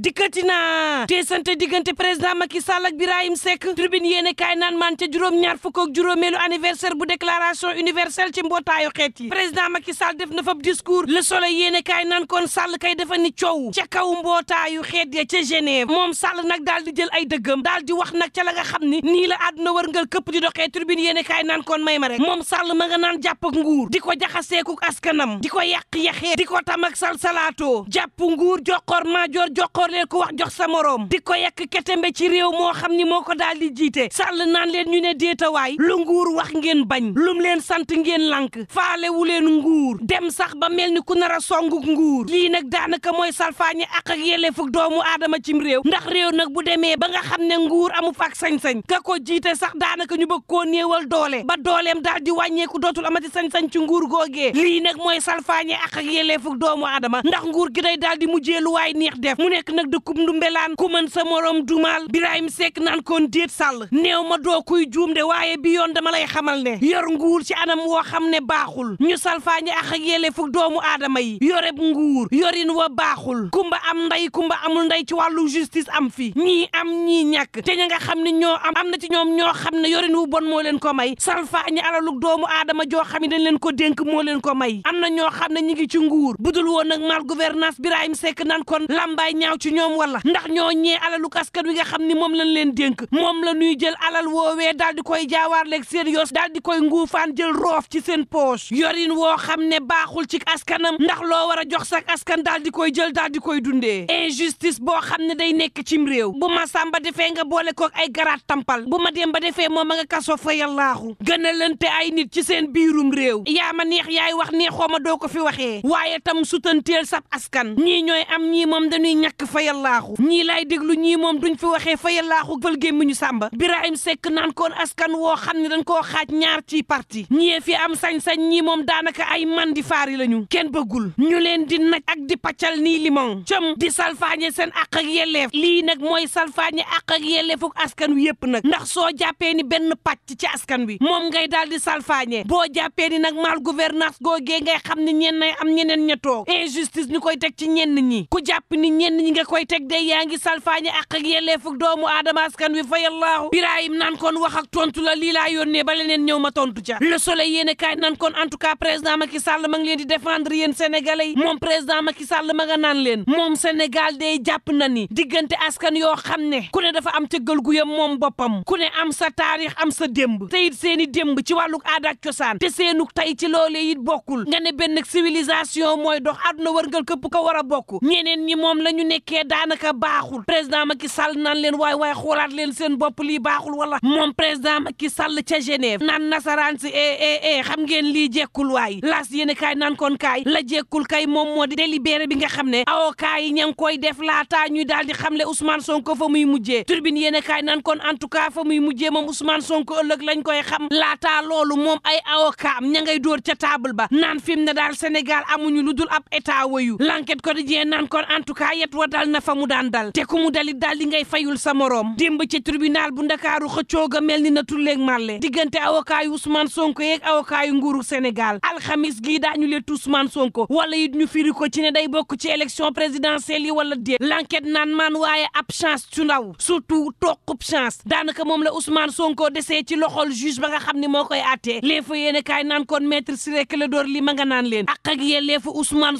dikkati naa te sante diggante président Macky Sall ak Birahim Seck tribune yéene kaay naan maan ca juróom-ñaar fukk ak juróomeelu anniversaire bu déclaration universelle ci mbootaayu xeet yi président Macky Sall def na fab discours le soleil yéene naan kon Sall kay dafa ni coow ca kaw mbootaayu xeet ya ca Genève moom Sall nag daal di jël ay dëggam daal di wax nag ca la nga xam ni nii la àdduna wërngal këpp di doxee tribune yéene kaay naan kon may ma rek moom Sall ma nga naan jàpp ak nguur di ko jaxaseeku askanam di ko yàq yaxee di ko tam ak sal salaatoo jàpp nguur joxoor maajoor joxoor yor leen ku wax jox sa moroom di ko yekk ketembe ci réew moo xam ni moo ko daal di jiite sàll naan leen ñu ne waay lu nguur wax ngeen bañ lum leen sant ngeen lànk faalewu leen nguur dem sax ba mel ni ku nar a nguur lii nag daanaka mooy salfaañi ak ak yelleefug doomu aadama cim réew ndax réew nag bu demee ba nga xam ne nguur amu faak sañ-sañ ka ko jiite sax daanaka ñu bëgg koo neewal doole ba dooleem daal di wàññeeku dootul amati sañ-sañ ci nguur googee lii nag mooy salfaañi ak doomu aadama ndax gi day daal di mujjee nag dëkkub ndumbelaan ku mën sa morom dumaal Birahim Seck naan koon déet sàll néew ma doo kuy waaye bi yoon dama lay xamal ne yor nguur ci anam woo xam ne baaxul ñu salfaañi ak yele yelleefu doomu aadama yi yoreb nguur yorin wa baaxul kumba am ndey kumba amul ndey ci wàllu justice am fi ñii am ñii ñàkk te ña nga xam ne ñoo am am na ci ñoom ñoo xam ne yorin wu bon moo leen ko may sal salfaañi alalug doomu adama joo xam ne dañ leen ko denk moo leen ko may am na ñoo xam ne ñi ngi ci nguur woon nag mal gouvernance Birahim Seck naan kon ci ñoom wala ndax ñoo ñee alalu kaskan wi nga xam ni moom lañ leen dénk moom la nuy jël alal woowee daal di koy jaawaar leeg seen yos daal di koy nguufaan jël roof ci seen poche yorin woo xam ne baaxul ci askanam ndax loo war a jox sax askan daal di koy jël daal di koy dundee injustice boo xam ne day nekk ci réew bu ma sàmba defee nga boole ko ay garaat tampal bu ma dem ba defee moom a kaso fo yallaaxu gën a lante ay nit ci seen biiru réew yaa ma neex yaay wax neexoo ma doo ko fi waxee waaye tam sutanteel sab askan ñii ñooy am fa yallaaxu ñii laay déglu ñii moom duñ fi waxee fa yallaaxu fël gémmiñu sàmba Birahim Seck naan koon askan woo xam ne dañ koo xaaj ñaar ci parti ñii fi am sañ-sañ ñii moom daanaka ay mandi faari lañu kenn bagul ñu leen di naj ak di paccal nii limon cëm di salfaañe seen àq ak yelleef lii nag mooy salfaañe àq ak yelleefuk askan wi yépp nag ndax soo jàppee ni benn pàcc ci askan wi moom ngay daal di salfaañe boo jàppee ni nag mal gouvernance googee ngay xam ne ñenn am ñeneen ci ñenn koy teg de yaa ngi salfaañe ak ak fug doomu aadama askan wi fayallaahu Birahim nan kon wax ak tontu la lii laa yónnee ba leneen ñëw ma tontu ca Le Soleil yéene kaay nan kon en tout cas président Macky Sall ma ngi leen di défendre yéen sénégalais yi moom président Macky Sall ma nga naan leen moom Sénégal day jàpp na ni diggante askan yoo xam ne ku ne dafa am cëggal gu yam moom boppam ku ne am sa taarix am sa démb te it seeni démb ci wàlluk aada ak cosaan te seenuk tey ci loolee bokkul nga benn civilisation mooy dox àdduna wërngal këpp ko war a bokk ñeneen ñi la ñu nekkee yee daanaka baaxul président Macky Sall nan leen waay waay xoolaat leen seen bopp lii baaxul wala moom président Macky Sall ca Genève nan nasaraan si eh, eh, eh, xam ngeen lii jekkul waay las yéen kaay naan kon kaay la jekkul kay moom moo di délibéré bi nga xam ne awokaay yi ña ngi koy def laataa ñuy daal di xam xamle Ousmane Sonko fa muy mujjee turbine yéen kaay nan kon en tout cas fa muy mujjee moom Ousmane Sonko ëllëg lañ koy xam laataa loolu moom ay awokaam ña ngay dóor ca table ba naan fi mu ne amuñu lu dul ab état wayu l'enquête quotidien naan kon en tout cas yet wa dal na fa mu daan dal te ku mu dalit daal di ngay fayul sa moroom démb ca tribunal bu ndakaaru xëccoo ga mel ni na tulleeg màlle diggante avocat yu Ousmane Sonko yeeg avocat yu nguuru Sénégal alxamis gii daa daañu leet Ousmane Sonko wala it ñu firi ko ci ne day bokk ci élection présidentielle yi wala déet l'enquête naan maan waaye ab chance su ndaw surtout toqub chance daanaka moom la Ousmane Sonko desee ci loxol juge ba nga xam ne moo koy àttee léefa yéene kaay naan kon maître Ciré Clédor Ly ma nga naan leen ak ak yelleefu Ousmane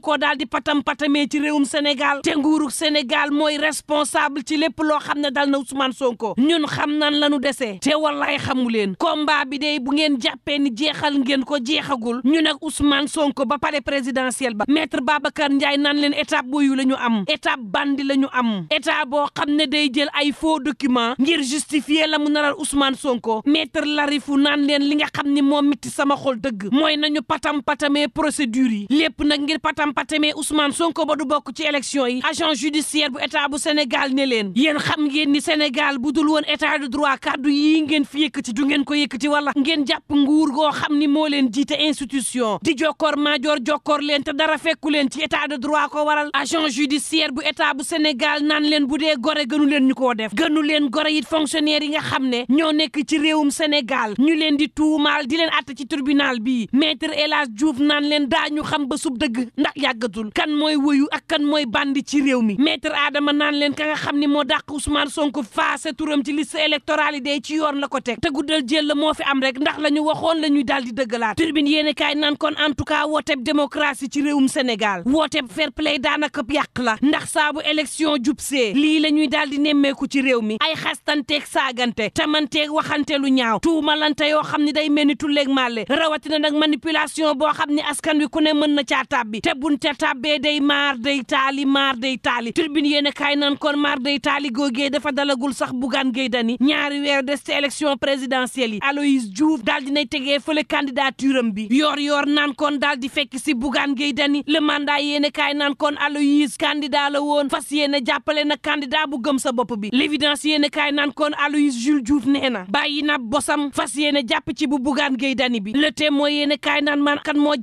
koo daal di patam patamee ci réewum Sénégal te nguuru Sénégal mooy responsable ci lépp loo xam ne dal na Ousmane Sonko ñun xam nan la ñu desee te wallaay xamu leen combat bi day bu ngeen jàppee ni jeexal ngeen ko jeexagul ñu nag Ousmane Sonko ba palais présidentiel ba maître Babacar Ndiaye nan leen étape yu la ñu am étape bandi la ñu am état boo xam ne day jël ay faux documents ngir justifier la mu naral Ousmane Sonko maître Larifu nan leen li nga xam ni moo mitti sama xol dëgg mooy nañu patam patamee procédure yi lépp nag ngir patam patamee Ousmane Sonko ba du bokk ci élection yi agent judiciaire bu état bu Sénégal ne leen yéen xam ngeen ni Sénégal bu dul woon état de droit kàddu yii ngeen fi yëkkati du ngeen ko yëkkati wala ngeen jàpp nguur goo xam ni moo leen jiite institution di jokkoor maajoor jokkoor leen te dara fekku leen ci état de droit ko waral agent judiciaire bu état bu Sénégal naan leen bu dee gore gënu leen ñu koo def gënu leen gore it fonctionnaire yi nga xam ne ñoo nekk ci réewum Sénégal ñu leen di tuumaal di leen atte ci tribunal bii maître El Hadj naan leen daañu xam ba sub dëgg ndax yàggatul kan mooy wuyu ak kan mooy bandi ci réew mi maître Adama naan leen ka nga xam ni moo dàq Ousmane Sonko faase turam ci liste électorale day ci yoon la ko teg te guddal jël la moo fi am rek ndax la waxoon la ñuy daal di dëggalaat turbine yéene kaay naan kon en tout cas wooteb démocratie ci réewum Sénégal wooteb fair play daanaka yàq la ndax saabu élection jub see lii la ñuy daal di nemmeeku ci réew mi ay xastanteeg saagante tamanteeg waxante lu ñaaw tuumalante yoo xam ne day mel ni tulleeg màlle rawatina nag manipulation boo xam ne askan wi ku ne mën na caa tàbbi te bunte tàbbee day maar day taali maar day taali tribune yéen kaay naan kon mar day taali googee dafa dalagul sax Bougane Gueye Dany ñaari weer des ci élection présidentielle yi Aloïse Diouf daal dinay tegee fële candidature am bi yoor yoor naan kon daal di fekk si Bougane le mandat yéen kaay kon Aloïse candidat la woon fas yéen jàppale na candidat bu gëm sa bopp bi l'évidence yéen kaay naan kon Aloïse Jules Diouf nee na bàyyi na bosam fas yéen jàpp ci bu Bougane Gueye bi le témoin yéen kaay man kan moo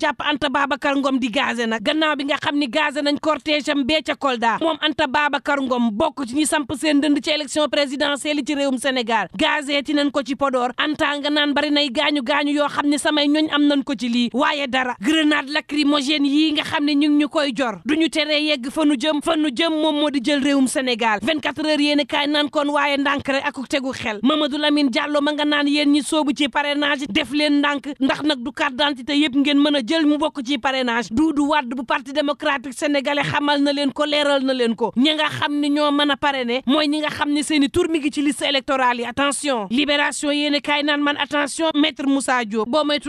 da moom Anta Babacar Ngom bokk ci ñi samp seen dënd ci élection présidentielle ci réewum Sénégal gazeti nañ ko ci Podor Anta nga naan bari nay gaañu gaañu yoo xam ne samay ñooñ am nañ ko ci lii waaye dara grenade lacrymogène yii nga xam ne ñu ngi ñu koy jor duñu teree yegg fa jëm fa jëm moom moo di jël réewum Sénégal 24 heures yéen kon waaye ndànk rek ak tegu xel Mamadou Lamine Diallo ma nga naan yéen ñi soobu ci parrainage def leen ndànk ndax a leeral na leen ko ñi nga xam ni a parrainer mooy ñi nga xam ni seen i tur mi ngi ci liste électorale yi attention libération yéene kaay naan man attention maître Moussa Diop boo na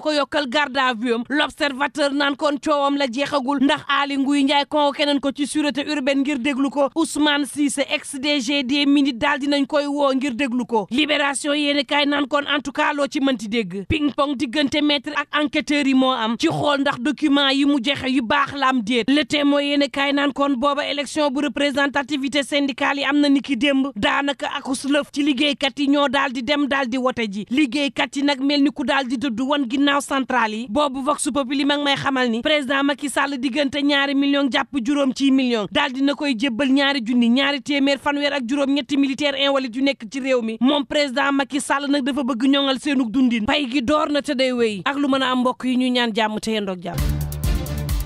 ko yokkal garde à vue am l'observateur naan kon coowam la ndax Aly Ngouille Ndiaye convoqué nañ ko ci sûreté urbaine ngir déglu ko Ousmane Cissé ex DG des Mines daal dinañ koy woo ngir déglu ko libération yéene kaay naan kon en tout cas loo ci mënti dégg ping pong diggante maître ak enquêteurs yi moo am ci xool ndax document yi mu jexe yu baax la am déet le témoin yéene kaay naan booba élection bu représentativité syndicale yi am na niki démb daanaka akus lëf ci liggéeykat yi ñoo daal di dem daal di wote ji liggéeykat yi nag mel ni ku daal di dëdd wan ginnaaw centrale yi boobu vox populi mag may xamal ni président Macky Sall diggante ñaari million jàpp juróom ci million daal di na koy jébbal ñaari junni ñaari téeméer fanweer ak juróom ñetti militaire invalide yu nekk ci réew mi moom président Macky Sall nag dafa bëgg ñoŋal seenug dundin pay gi door na te day wéy ak lu mën a mbokk yi ñu ñaan jàmm te yendoog